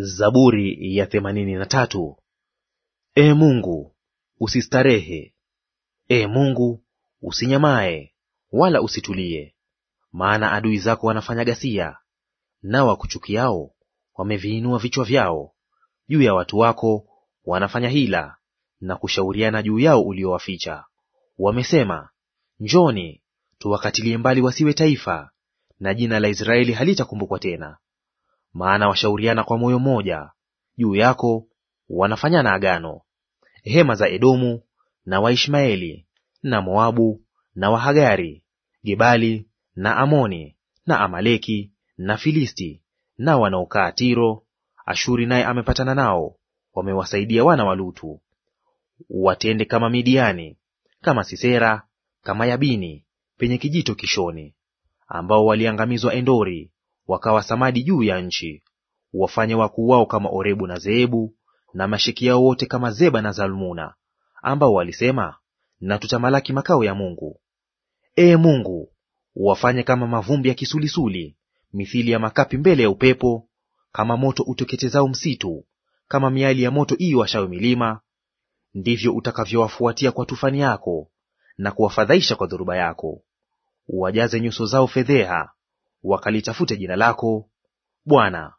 Zaburi ya themanini na tatu. E Mungu, usistarehe; e Mungu, usinyamae wala usitulie. Maana adui zako wanafanya ghasia, nao wakuchukiao wameviinua vichwa vyao juu ya watu wako; wanafanya hila na kushauriana juu yao uliowaficha. Wamesema, Njoni tuwakatilie mbali wasiwe taifa, na jina la Israeli halitakumbukwa tena maana washauriana kwa moyo mmoja juu yako, wanafanyana agano. Hema za Edomu na Waishmaeli na Moabu na Wahagari, Gebali na Amoni na Amaleki na Filisti na wanaokaa Tiro, Ashuri naye amepatana nao, wamewasaidia wana wa Lutu. Watende kama Midiani, kama Sisera, kama Yabini penye kijito Kishoni, ambao waliangamizwa Endori wakawa samadi juu ya nchi. Wafanye wakuu wao kama Orebu na Zeebu, na mashiki yao wote kama Zeba na Zalmuna, ambao walisema, na tutamalaki makao ya Mungu. Ee Mungu, wafanye kama mavumbi ya kisulisuli, mithili ya makapi mbele ya upepo, kama moto uteketezao msitu, kama miali ya moto iiwashayo milima, ndivyo utakavyowafuatia kwa tufani yako na kuwafadhaisha kwa dhoruba yako. Wajaze nyuso zao fedheha wakalitafute jina lako Bwana.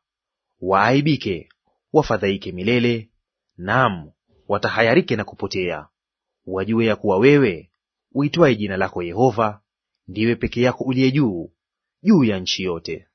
Waaibike, wafadhaike milele, naam, watahayarike na kupotea. Wajue ya kuwa wewe uitwaye jina lako Yehova, ndiwe peke yako uliye juu juu ya nchi yote.